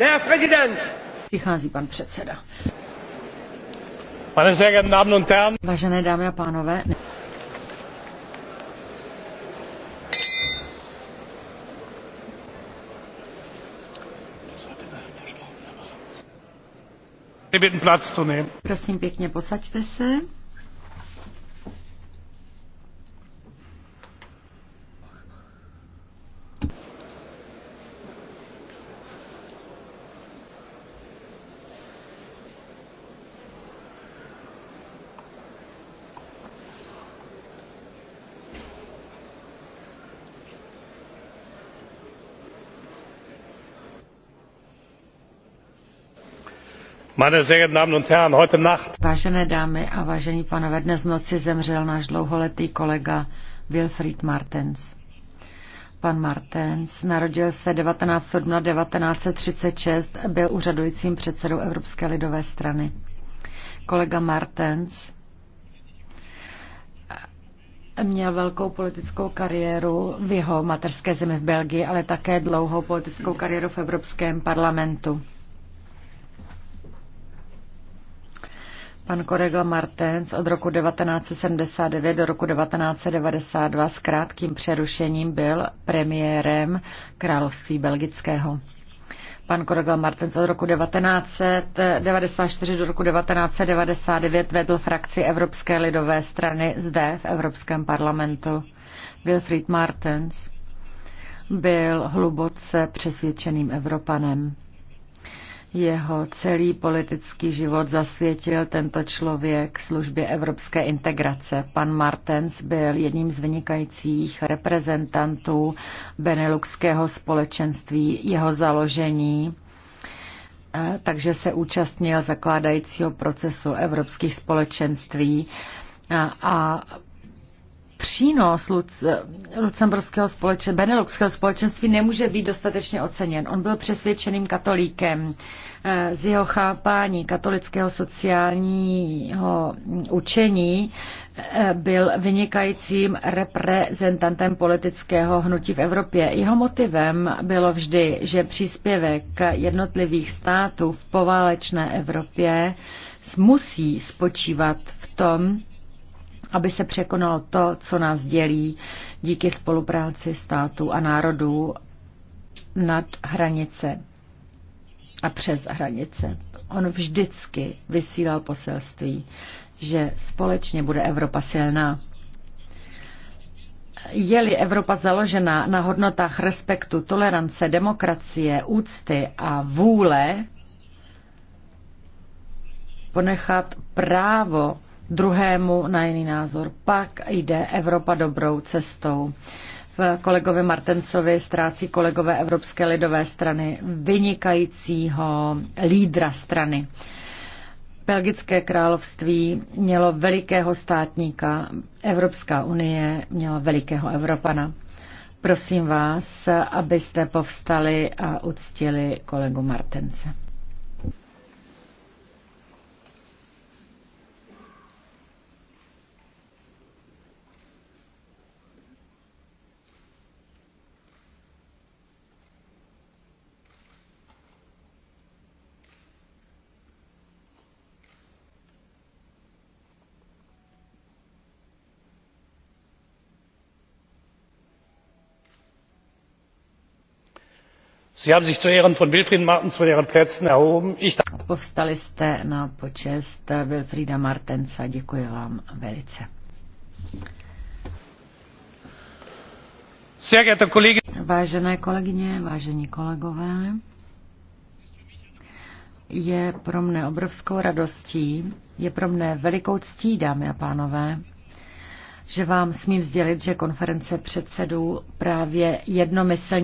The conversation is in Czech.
Der Präsident! Vychází pan předseda. Pane, Zegen, geehrten Damen und Herren. Vážené dámy a pánové. Prosím pěkně, posaďte se. Vážené dámy a vážení pánové, dnes v noci zemřel náš dlouholetý kolega Wilfried Martens. Pan Martens narodil se 19. dubna 1936, byl úřadujícím předsedou Evropské lidové strany. Kolega Martens měl velkou politickou kariéru v jeho mateřské zemi v Belgii, ale také dlouhou politickou kariéru v Evropském parlamentu. Pan kolega Martens od roku 1979 do roku 1992 s krátkým přerušením byl premiérem Království belgického. Pan kolega Martens od roku 1994 do roku 1999 vedl frakci Evropské lidové strany zde v Evropském parlamentu. Wilfried Martens byl hluboce přesvědčeným Evropanem. Jeho celý politický život zasvětil tento člověk službě evropské integrace. Pan Martens byl jedním z vynikajících reprezentantů Beneluxského společenství, jeho založení eh, takže se účastnil zakládajícího procesu evropských společenství eh, a přínos lucemburského společenství, beneluxského společenství nemůže být dostatečně oceněn. On byl přesvědčeným katolíkem. Eh, z jeho chápání katolického sociálního učení eh, byl vynikajícím reprezentantem politického hnutí v Evropě. Jeho motivem bylo vždy, že příspěvek jednotlivých států v poválečné Evropě musí spočívat v tom, aby se překonalo to, co nás dělí díky spolupráci států a národů nad hranice a přes hranice. On vždycky vysílal poselství, že společně bude Evropa silná. Je-li Evropa založena na hodnotách respektu, tolerance, demokracie, úcty a vůle ponechat právo druhému na jiný názor. Pak jde Evropa dobrou cestou. V kolegovi Martensovi ztrácí kolegové Evropské lidové strany vynikajícího lídra strany. Belgické království mělo velikého státníka, Evropská unie měla velikého Evropana. Prosím vás, abyste povstali a uctili kolegu Martence. Povstali jste na počest Wilfrida Martensa. Děkuji vám velice. Vážené kolegyně, vážení kolegové, je pro mne obrovskou radostí, je pro mne velikou ctí, dámy a pánové, že vám smím sdělit, že konference předsedů právě jednomyslně